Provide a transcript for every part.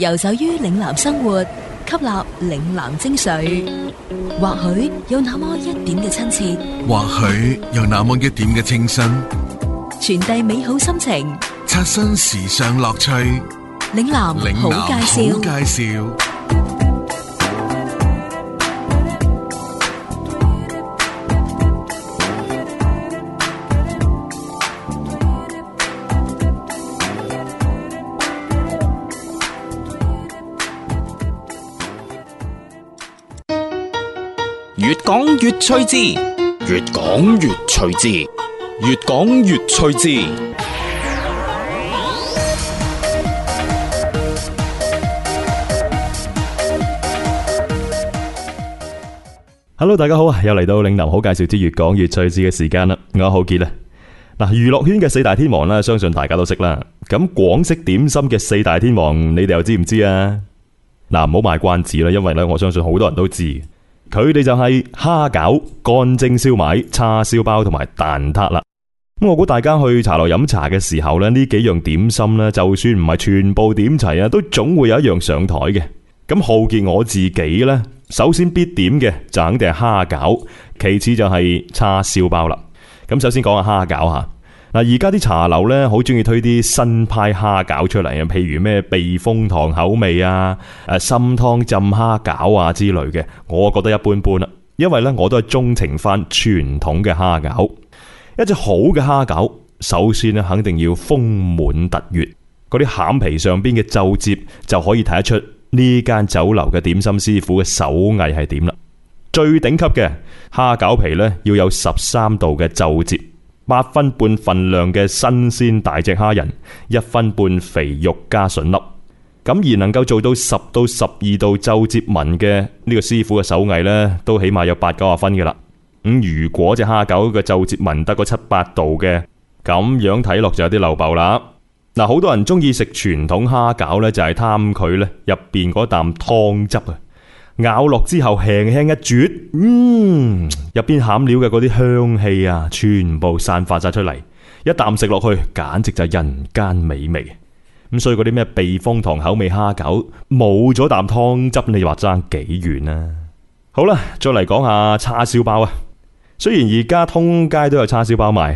遊走於嶺南生活，吸納嶺南精髓，或許有那麼一點嘅親切，或許有那麼一點嘅清新，傳遞美好心情，刷新時尚樂趣。嶺南好介紹，好介紹。越趣之，越講越趣之。越講越趣之。Hello，大家好啊！又嚟到嶺南好介紹之「越講越趣之」嘅時間啦。我好杰啦，嗱，娛樂圈嘅四大天王啦，相信大家都識啦。咁廣式點心嘅四大天王，你哋又知唔知啊？嗱，唔好賣關子啦，因為咧，我相信好多人都知。佢哋就係蝦餃、乾蒸燒賣、叉燒包同埋蛋撻啦。咁我估大家去茶樓飲茶嘅時候咧，呢幾樣點心咧，就算唔係全部點齊啊，都總會有一樣上台嘅。咁浩杰我自己呢，首先必點嘅就肯定係蝦餃，其次就係叉燒包啦。咁首先講下蝦餃吓。嗱，而家啲茶樓咧，好中意推啲新派蝦餃出嚟，又譬如咩避風塘口味啊，誒，參湯浸蝦餃啊之類嘅，我覺得一般般啦。因為咧，我都係鍾情翻傳統嘅蝦餃。一隻好嘅蝦餃，首先咧，肯定要豐滿突圓，嗰啲餡皮上邊嘅皺折就可以睇得出呢間酒樓嘅點心師傅嘅手藝係點啦。最頂級嘅蝦餃皮咧，要有十三度嘅皺折。八分半份量嘅新鮮大隻蝦仁，一分半肥肉加筍粒咁。而能夠做到十到十二度皺折紋嘅呢個師傅嘅手藝呢，都起碼有八九十分嘅啦。咁、嗯、如果蝦隻蝦餃嘅皺折紋得嗰七八度嘅，咁樣睇落就有啲漏爆啦。嗱，好多人中意食傳統蝦餃呢，就係貪佢咧入邊嗰啖湯汁啊。咬落之後輕輕一啜，嗯，入邊餡料嘅嗰啲香氣啊，全部散發晒出嚟，一啖食落去，簡直就係人間美味。咁所以嗰啲咩避風塘口味蝦餃冇咗啖湯汁，你話爭幾遠啊？好啦，再嚟講下叉燒包啊。雖然而家通街都有叉燒包賣，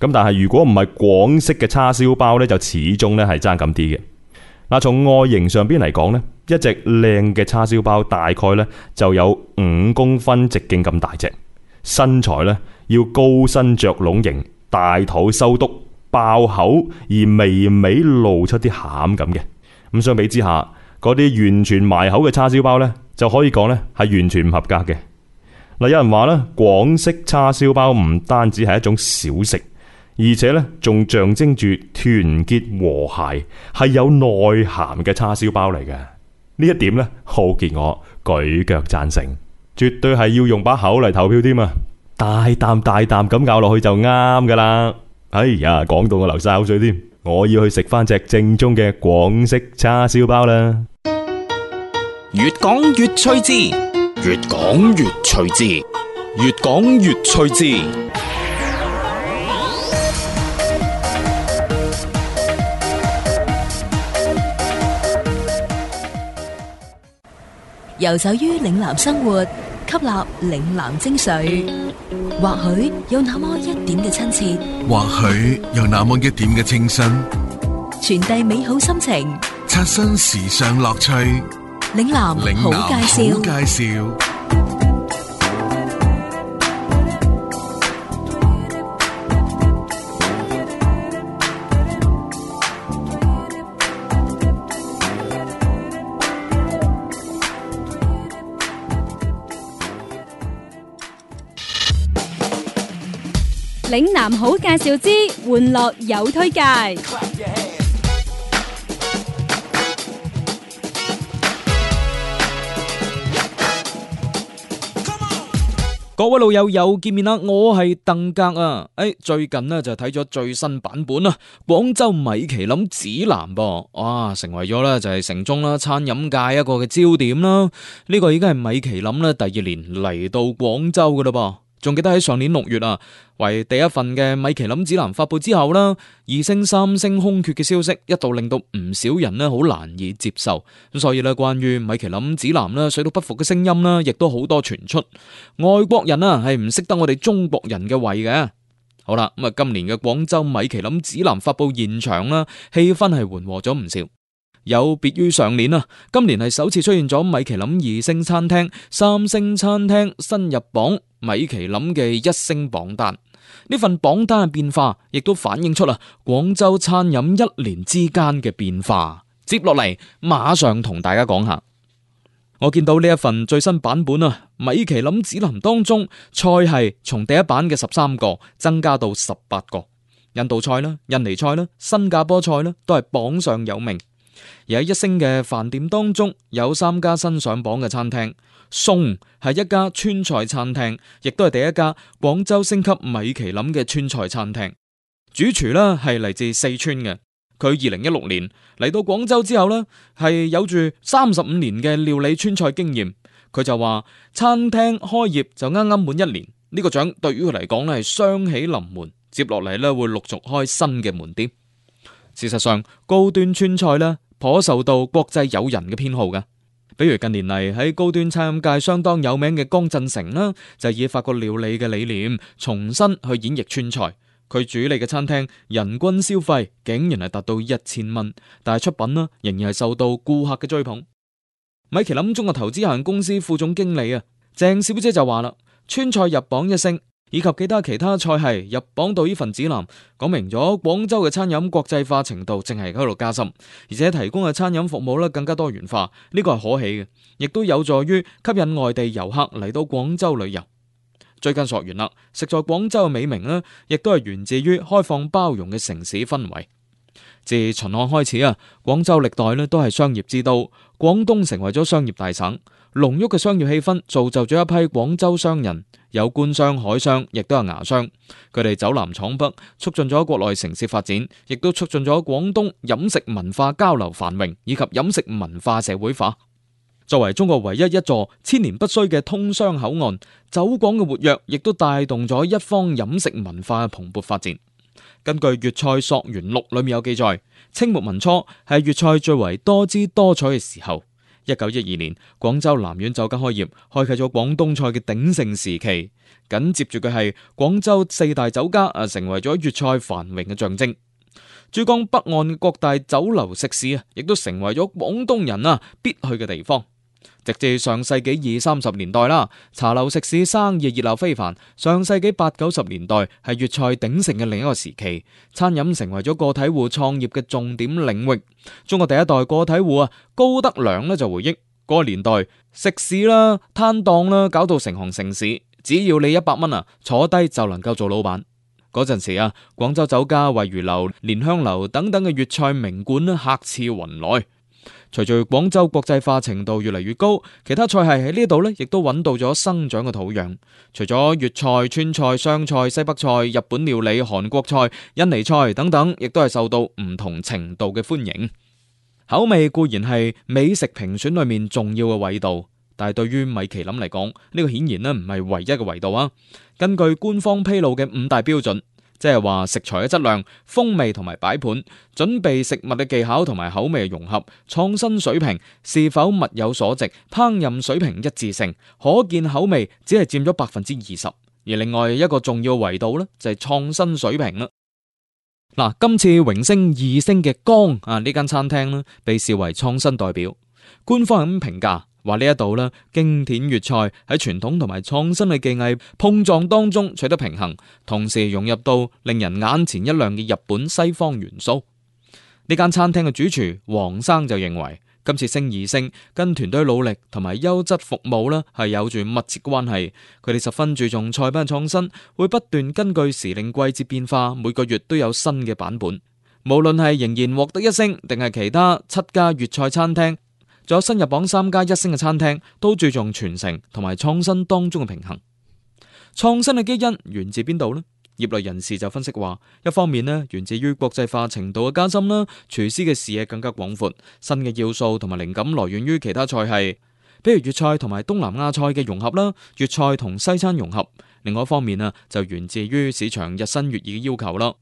咁但係如果唔係廣式嘅叉燒包呢，就始終呢係爭咁啲嘅。嗱，從外形上邊嚟講呢，一隻靚嘅叉燒包大概呢就有五公分直徑咁大隻，身材呢要高身着籠型，大肚收督，爆口而微微露出啲餡咁嘅。咁相比之下，嗰啲完全埋口嘅叉燒包呢就可以講呢係完全唔合格嘅。嗱，有人話呢，廣式叉燒包唔單止係一種小食，而且咧，仲象徵住團結和諧，係有內涵嘅叉燒包嚟嘅。呢一點咧，好杰我舉腳讚成，絕對係要用把口嚟投票添啊！大啖大啖咁咬落去就啱噶啦。哎呀，講到我流晒口水添，我要去食翻隻正宗嘅廣式叉燒包啦！越講越趣致，越講越趣致，越講越趣致。越遊走於嶺南生活，吸納嶺南精髓，或許有那麼一點嘅親切，或許有那麼一點嘅清新，傳遞美好心情，刷新時尚樂趣。嶺南好介紹。嶺南好介紹之，玩樂有推介。各位老友又見面啦，我係鄧格啊！誒、哎，最近呢，就睇咗最新版本啦，《廣州米其林指南》噃，哇，成為咗咧就係城中啦餐飲界一個嘅焦點啦。呢個已經係米其林咧第二年嚟到廣州噶啦噃。仲記得喺上年六月啊，為第一份嘅米其林指南發布之後啦，二星、三星空缺嘅消息一度令到唔少人呢好難以接受。咁所以呢，關於米其林指南呢水土不服嘅聲音呢，亦都好多傳出。外國人啊係唔識得我哋中國人嘅胃嘅。好啦，咁啊，今年嘅廣州米其林指南發布現場啦，氣氛係緩和咗唔少。有別於上年啊，今年係首次出現咗米其林二星餐廳、三星餐廳新入榜米其林嘅一星榜單。呢份榜單嘅變化，亦都反映出啦，廣州餐飲一年之間嘅變化。接落嚟馬上同大家講下，我見到呢一份最新版本啊，米其林指南當中，菜系從第一版嘅十三個增加到十八個，印度菜啦、印尼菜啦、新加坡菜啦，都係榜上有名。而喺一星嘅飯店當中，有三家新上榜嘅餐廳。松係一家川菜餐廳，亦都係第一家廣州星級米其林嘅川菜餐廳。主廚呢係嚟自四川嘅，佢二零一六年嚟到廣州之後呢，係有住三十五年嘅料理川菜經驗。佢就話餐廳開業就啱啱滿一年，呢個獎對於佢嚟講呢係雙喜臨門，接落嚟呢會陸續開新嘅門店。事實上，高端川菜呢，頗受到國際友人嘅偏好㗎。比如近年嚟喺高端餐飲界相當有名嘅江振成啦，就以法國料理嘅理念重新去演繹川菜。佢主理嘅餐廳，人均消費竟然係達到一千蚊，但係出品呢，仍然係受到顧客嘅追捧。米其林中國投資有限公司副總經理啊，鄭小姐就話啦：川菜入榜一星。以及其他其他菜系入榜到呢份指南，講明咗廣州嘅餐飲國際化程度正係喺度加深，而且提供嘅餐飲服務咧更加多元化，呢、這個係可喜嘅，亦都有助於吸引外地遊客嚟到廣州旅遊。追根溯源啦，食在廣州嘅美名呢亦都係源自於開放包容嘅城市氛圍。自秦漢開始啊，廣州歷代呢都係商業之都，廣東成為咗商業大省。濃郁嘅商業氣氛造就咗一批廣州商人，有官商、海商，亦都有牙商。佢哋走南闖北，促進咗國內城市發展，亦都促進咗廣東飲食文化交流繁榮，以及飲食文化社會化。作為中國唯一一座千年不衰嘅通商口岸，走廣嘅活躍亦都帶動咗一方飲食文化嘅蓬勃發展。根據《粵菜溯源錄》裏面有記載，清末民初係粵菜最為多姿多彩嘅時候。一九一二年，廣州南苑酒家開業，開啟咗廣東菜嘅鼎盛時期。緊接住嘅係廣州四大酒家啊，成為咗粵菜繁榮嘅象徵。珠江北岸各大酒樓食肆啊，亦都成為咗廣東人啊必去嘅地方。直至上世紀二三十年代啦，茶樓食肆生意熱鬧非凡。上世紀八九十年代係粵菜鼎盛嘅另一個時期，餐飲成為咗個體戶創業嘅重點領域。中國第一代個體戶啊，高德良咧就回憶嗰、那個年代，食肆啦、攤檔啦，搞到成行成市，只要你一百蚊啊，坐低就能夠做老闆。嗰陣時啊，廣州酒家、惠如樓、蓮香樓等等嘅粵菜名館咧，客似雲來。隨住廣州國際化程度越嚟越高，其他菜系喺呢度呢亦都揾到咗生長嘅土壤。除咗粵菜、川菜、湘菜、西北菜、日本料理、韓國菜、印尼菜等等，亦都係受到唔同程度嘅歡迎。口味固然係美食評選裏面重要嘅維度，但係對於米其林嚟講，呢、這個顯然呢唔係唯一嘅維度啊。根據官方披露嘅五大標準。即係話食材嘅質量、風味同埋擺盤、準備食物嘅技巧同埋口味嘅融合、創新水平是否物有所值、烹飪水平一致性，可見口味只係佔咗百分之二十，而另外一個重要維度呢，就係創新水平啦。嗱，今次榮升二星嘅江啊呢間餐廳呢，被視為創新代表，官方係咁評價。話呢一度咧，經典粵菜喺傳統同埋創新嘅技藝碰撞當中取得平衡，同時融入到令人眼前一亮嘅日本西方元素。呢間餐廳嘅主廚黃生就認為，今次升二星跟團隊努力同埋優質服務咧係有住密切關係。佢哋十分注重菜品嘅創新，會不斷根據時令季節變化，每個月都有新嘅版本。無論係仍然獲得一星，定係其他七家粵菜餐廳。仲有新入榜三家一星嘅餐廳，都注重傳承同埋創新當中嘅平衡。創新嘅基因源自邊度呢？業內人士就分析話，一方面呢源自於國際化程度嘅加深啦，廚師嘅視野更加廣闊，新嘅要素同埋靈感來源於其他菜系，比如粵菜同埋東南亞菜嘅融合啦，粵菜同西餐融合。另外一方面啊，就源自於市場日新月異嘅要求啦。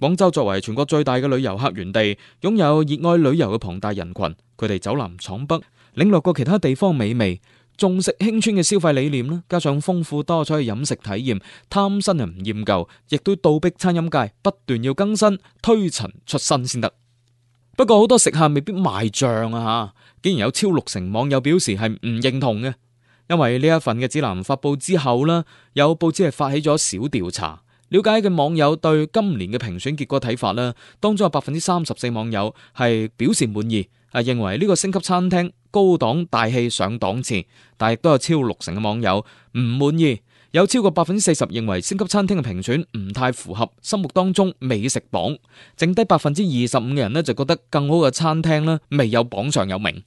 廣州作為全國最大嘅旅遊客源地，擁有熱愛旅遊嘅龐大人群，佢哋走南闖北，領略過其他地方美味，重食輕穿嘅消費理念啦，加上豐富多彩嘅飲食體驗，貪新唔厭舊，亦都倒逼餐飲界不斷要更新、推陳出新先得。不過好多食客未必買賬啊！吓，竟然有超六成網友表示係唔認同嘅，因為呢一份嘅指南發布之後呢，有報紙係發起咗小調查。了解嘅網友對今年嘅評選結果睇法呢，當中有百分之三十四網友係表示滿意，啊認為呢個星級餐廳高檔大氣上檔次，但亦都有超六成嘅網友唔滿意，有超過百分之四十認為星級餐廳嘅評選唔太符合心目當中美食榜，剩低百分之二十五嘅人呢，就覺得更好嘅餐廳呢未有榜上有名。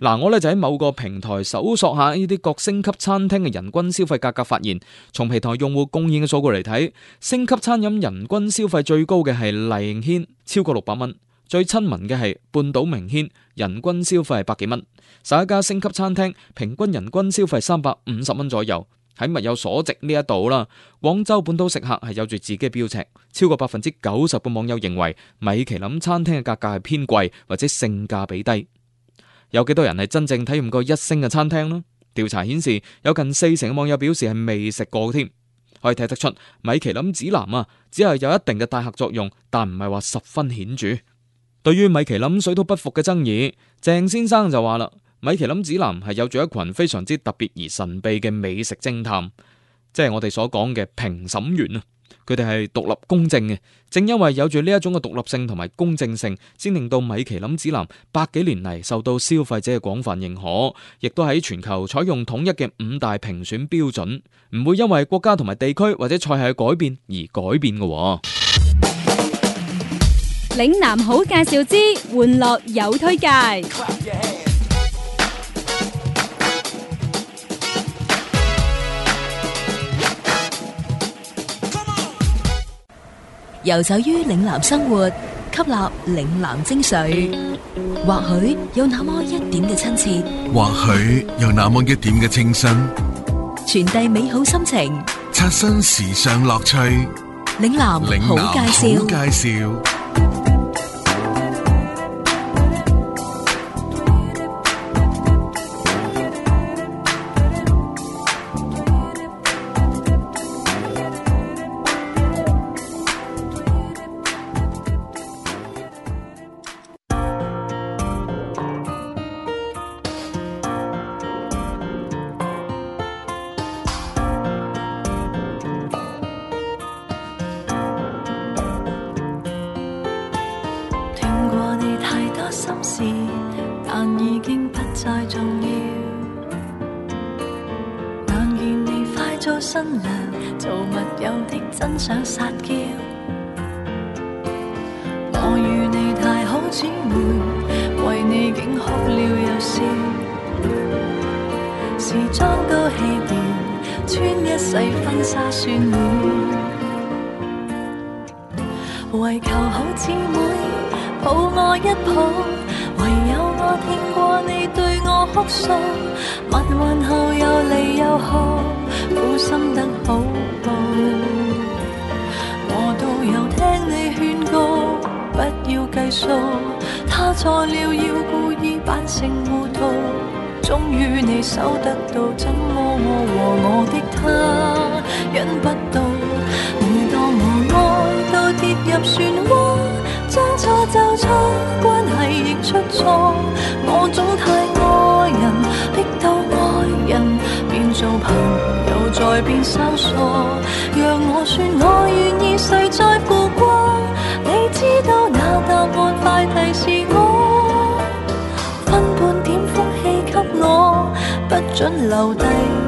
嗱、啊，我咧就喺某個平台搜索下呢啲各星級餐廳嘅人均消費價格，格，發現，從平台用戶供應嘅數據嚟睇，星級餐飲人均消費最高嘅係麗軒超過六百蚊，最親民嘅係半島名軒人均消費百幾蚊。十一家星級餐廳平均人均消費三百五十蚊左右。喺物有所值呢一度啦，廣州本土食客係有住自己嘅標尺，超過百分之九十嘅網友認為米其林餐廳嘅價格係偏貴或者性價比低。有幾多人係真正體驗過一星嘅餐廳咧？調查顯示，有近四成嘅網友表示係未食過添。可以睇得出，米其林指南啊，只係有一定嘅帶客作用，但唔係話十分顯著。對於米其林水土不服嘅爭議，鄭先生就話啦：米其林指南係有住一群非常之特別而神秘嘅美食偵探，即係我哋所講嘅評審員啊。佢哋係獨立公正嘅，正因為有住呢一種嘅獨立性同埋公正性，先令到米其林指南百幾年嚟受到消費者嘅廣泛認可，亦都喺全球採用統一嘅五大評選標準，唔會因為國家同埋地區或者菜系嘅改變而改變嘅。嶺南好介紹之，玩樂有推介。游走於嶺南生活，吸納嶺南精髓，或許有那麼一點嘅親切，或許有那麼一點嘅清新，傳遞美好心情，刷新時尚樂趣。嶺南好介紹。再重要，但願你快做新娘，做密友的真想撒嬌。我與你太好姊妹，為你竟哭了又笑。時裝都棄掉，穿一世婚紗算了，唯求好姊妹抱我一抱。唯有我聽過你對我哭訴，蜜運後又離又合，苦心得好報。我都有聽你勸告，不要計數。他錯了要故意扮成糊塗，終於你守得到，怎麼我和我的他忍不到？每當我愛到跌入漩渦，收索，讓我說我願意，誰在乎過？你知道那答案快提示我，分半點福氣給我，不准留低。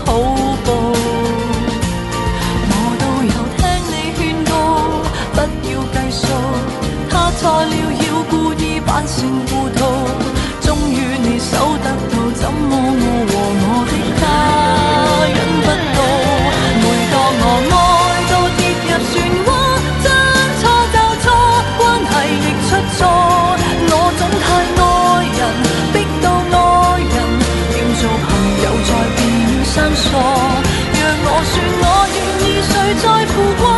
快了要故意扮成糊塗，終於你守得到，怎麼我和我的他忍不到？每當我愛到跌入漩渦，將錯就錯，關係亦出錯，我總太愛人，逼到愛人，要做朋友再變生疏。若我說我願意誰，誰在乎過？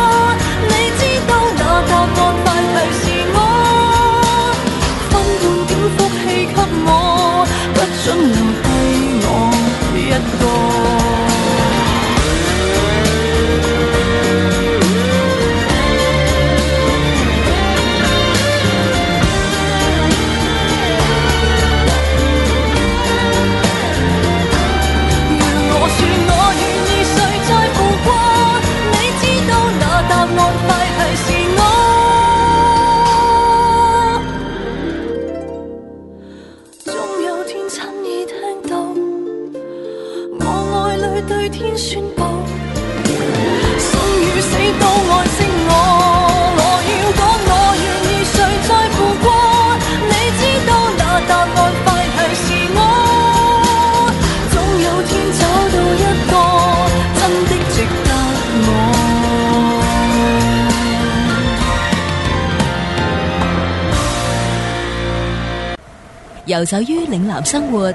遊走於嶺南生活，吸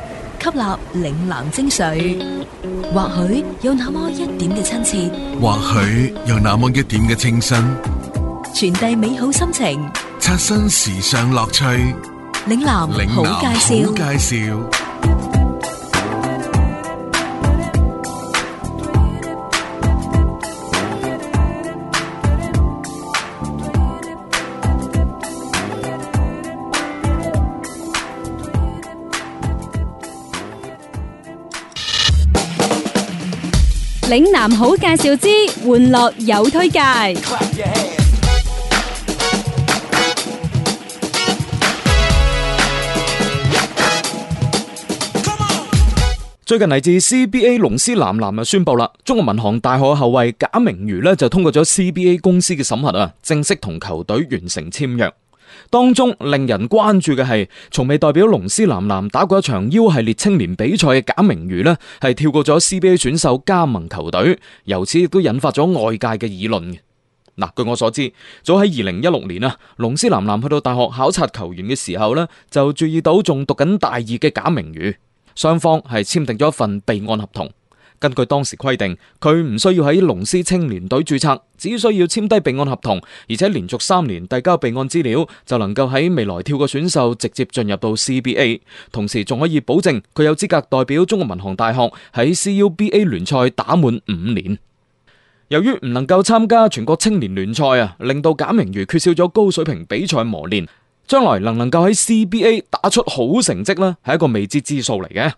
納嶺南精髓，或許有那麼一點嘅親切，或許有那麼一點嘅清新，傳遞美好心情，刷新時尚樂趣。嶺南好介紹。嶺南好介紹之，玩樂有推介。最近嚟自 CBA 龍獅男籃啊，宣布啦，中國民航大學後衛賈明如呢就通過咗 CBA 公司嘅審核啊，正式同球隊完成簽約。當中令人關注嘅係，從未代表龍獅男籃打過一場 U 系列青年比賽嘅賈明儒呢係跳過咗 CBA 選手加盟球隊，由此亦都引發咗外界嘅議論嘅。據我所知，早喺二零一六年啊，龍獅男籃去到大學考察球員嘅時候呢就注意到仲讀緊大二嘅賈明儒，雙方係簽訂咗一份備案合同。根據當時規定，佢唔需要喺龍獅青年隊註冊，只需要簽低備案合同，而且連續三年遞交備案資料就能夠喺未來跳過選秀直接進入到 CBA，同時仲可以保證佢有資格代表中國民航大學喺 CUBA 聯賽打滿五年。由於唔能夠參加全國青年聯賽啊，令到簡明如缺少咗高水平比賽磨練，將來能唔能夠喺 CBA 打出好成績呢係一個未知之數嚟嘅。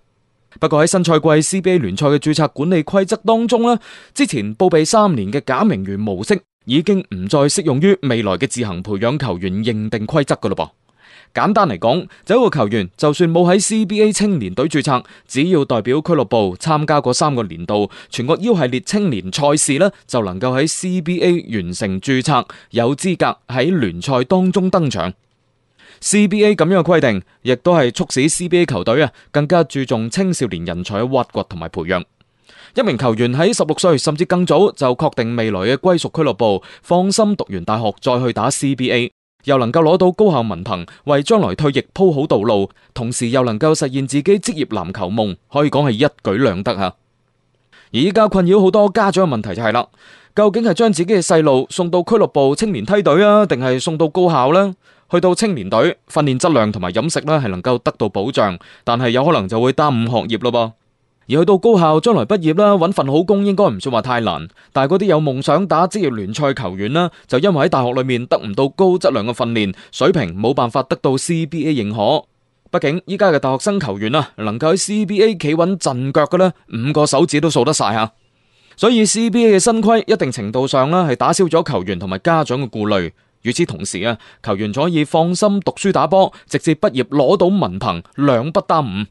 不過喺新賽季 CBA 聯賽嘅注冊管理規則當中啦，之前報備三年嘅假名員模式已經唔再適用於未來嘅自行培養球員認定規則噶啦噃。簡單嚟講，就一個球員就算冇喺 CBA 青年隊注冊，只要代表俱樂部參加過三個年度全國 U 系列青年賽事呢，就能夠喺 CBA 完成注冊，有資格喺聯賽當中登場。CBA 咁樣嘅規定，亦都係促使 CBA 球隊啊更加注重青少年人才嘅挖掘同埋培養。一名球員喺十六歲甚至更早就確定未來嘅歸屬俱樂部，放心讀完大學再去打 CBA，又能夠攞到高校文憑，為將來退役鋪好道路，同時又能夠實現自己職業籃球夢，可以講係一舉兩得啊！而家困擾好多家長嘅問題就係啦，究竟係將自己嘅細路送到俱樂部青年梯隊啊，定係送到高校呢？去到青年隊訓練質量同埋飲食咧係能夠得到保障，但係有可能就會耽誤學業咯噃。而去到高校將來畢業啦，揾份好工應該唔算話太難。但係嗰啲有夢想打職業聯賽球員啦，就因為喺大學裏面得唔到高質量嘅訓練，水平冇辦法得到 CBA 認可。畢竟依家嘅大學生球員啦，能夠喺 CBA 企穩陣腳嘅咧，五個手指都數得晒吓。所以 CBA 嘅新規，一定程度上啦係打消咗球員同埋家長嘅顧慮。與此同時啊，球員可以放心讀書打波，直至畢業攞到文憑，兩不耽誤。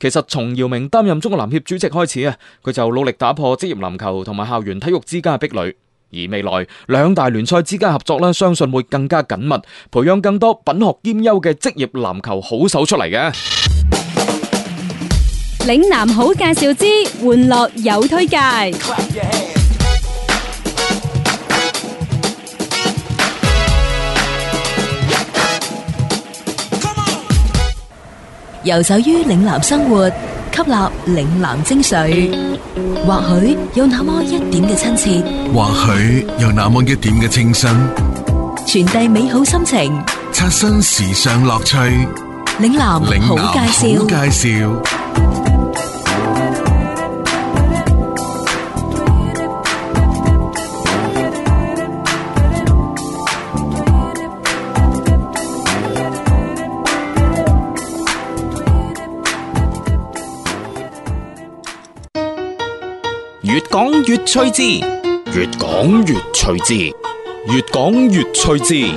其實從姚明擔任中國籃協主席開始啊，佢就努力打破職業籃球同埋校園體育之間嘅壁壘。而未來兩大聯賽之間合作咧，相信會更加緊密，培養更多品學兼優嘅職業籃球好手出嚟嘅。嶺南好介紹之，玩樂有推介。遊走於嶺南生活，吸納嶺南精髓，或許有那麼一點嘅親切，或許有那麼一點嘅清新，傳遞美好心情，刷新時尚樂趣。嶺南好介紹，嶺南好介紹。越講越趣致，越講越趣致，越講越趣致。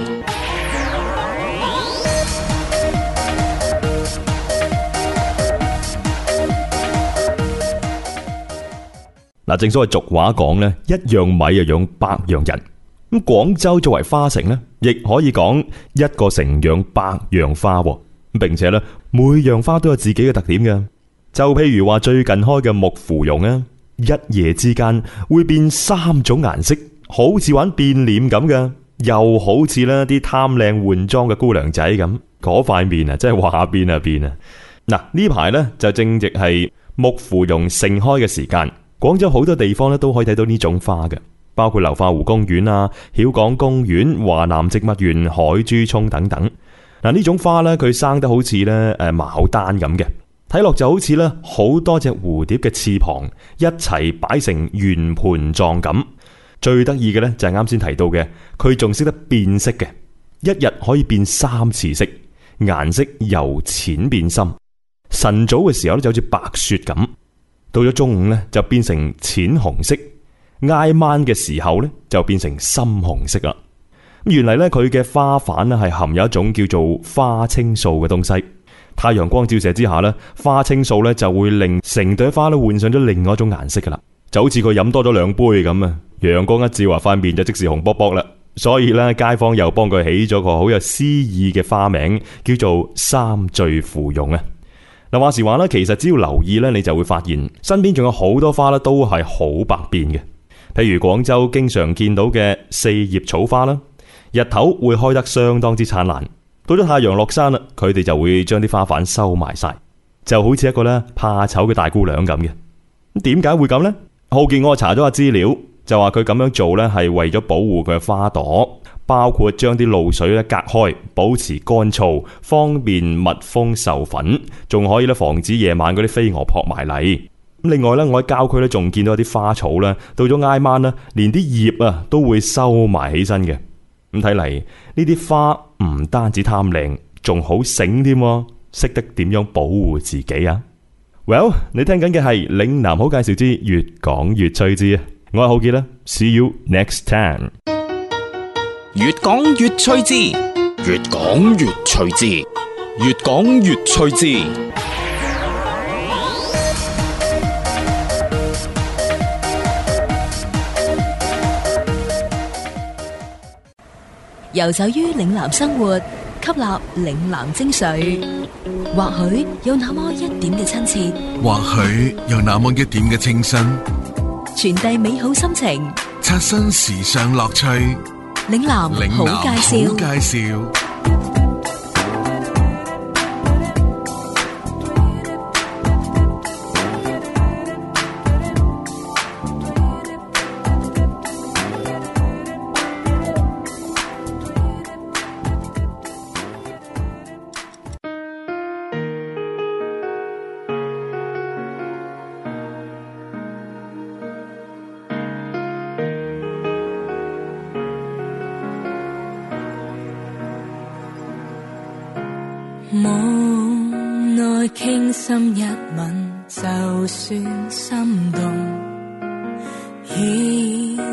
嗱，正所謂俗話講咧，一樣米就養百樣人。咁廣州作爲花城咧，亦可以講一個城養百樣花，並且咧每樣花都有自己嘅特點嘅。就譬如話最近開嘅木芙蓉啊。一夜之間會變三種顏色，好似玩變臉咁嘅，又好似呢啲貪靚換裝嘅姑娘仔咁，嗰塊面啊，真係話變啊變啊！嗱，呢排呢，就正值係木芙蓉盛開嘅時間，廣州好多地方咧都可以睇到呢種花嘅，包括流花湖公園啊、曉港公園、華南植物園、海珠涌等等。嗱，呢種花呢，佢生得好似呢誒牡丹咁嘅。睇落就好似咧好多隻蝴蝶嘅翅膀一齊擺成圓盤狀咁，最得意嘅呢，就係啱先提到嘅，佢仲識得變色嘅，一日可以變三次色，顏色由淺變深。晨早嘅時候咧就好似白雪咁，到咗中午呢，就變成淺紅色，挨晚嘅時候呢，就變成深紅色啦。原嚟咧佢嘅花瓣咧係含有一種叫做花青素嘅東西。太陽光照射之下咧，花青素咧就會令成朵花都換上咗另外一種顏色噶啦，就好似佢飲多咗兩杯咁啊！陽光一照，話塊面就即時紅卜卜啦。所以呢，街坊又幫佢起咗個好有詩意嘅花名，叫做三醉芙蓉啊！嗱，話時話啦，其實只要留意呢，你就會發現身邊仲有好多花咧都係好百變嘅，譬如廣州經常見到嘅四葉草花啦，日頭會開得相當之燦爛。到咗太陽落山啦，佢哋就會將啲花瓣收埋晒，就好似一個咧怕醜嘅大姑娘咁嘅。咁點解會咁呢？好奇我查咗下資料，就話佢咁樣做咧係為咗保護佢嘅花朵，包括將啲露水咧隔開，保持乾燥，方便蜜蜂授粉，仲可以咧防止夜晚嗰啲飛蛾撲埋嚟。另外咧，我喺郊區咧仲見到啲花草咧，到咗挨晚咧，連啲葉啊都會收埋起身嘅。咁睇嚟，呢啲花唔單止貪靚，仲好醒添，識得點樣保護自己啊！Well，你聽緊嘅係嶺南好介紹之越講越趣之，我係浩杰啦，See you next time。越講越趣之！「越講越趣之！「越講越趣之！越遊走於嶺南生活，吸納嶺南精髓，或許有那麼一點嘅親切，或許有那麼一點嘅清新，傳遞美好心情，刷新時尚樂趣。嶺南好介紹，好介紹。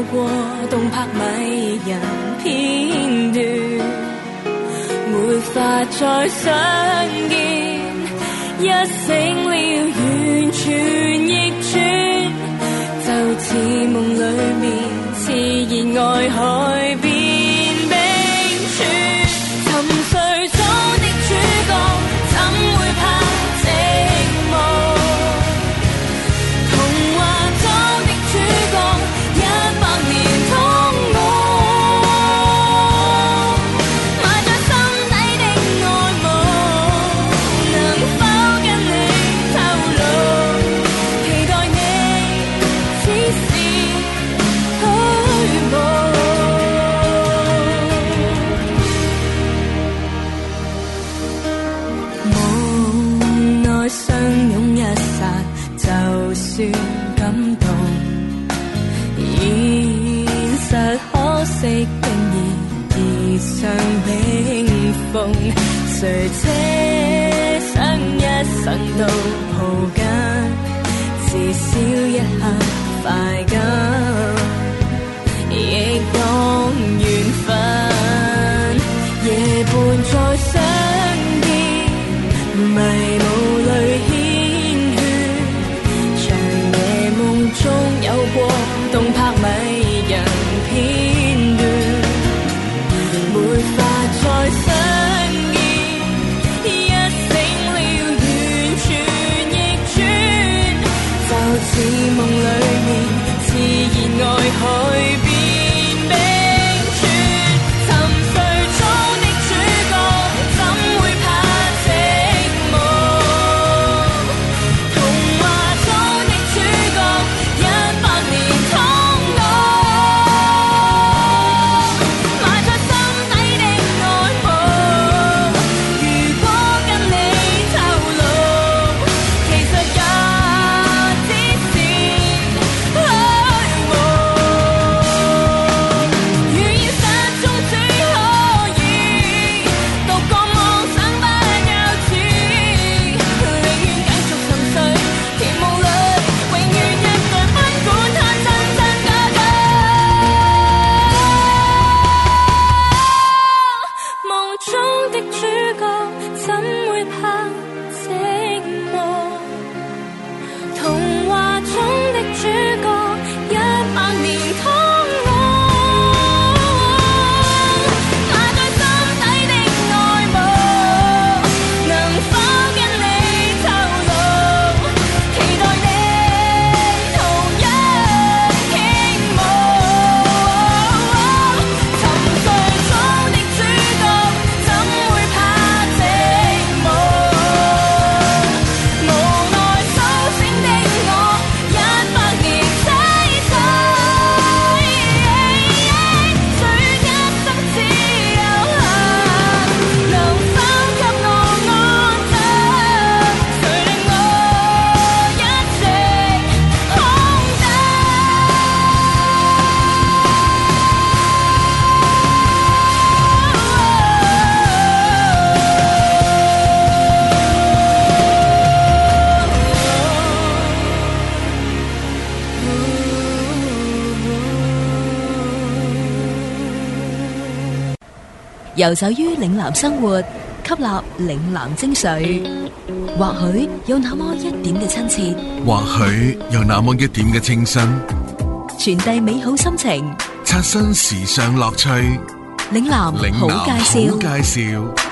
透過動魄迷人片段，沒法再相見。一醒了，完全逆轉，就似夢裏面，似熱愛海邊。遊走於嶺南生活，吸納嶺南精髓，或許有那麼一點嘅親切，或許有那麼一點嘅清新，傳遞美好心情，刷新時尚樂趣，嶺南好介紹。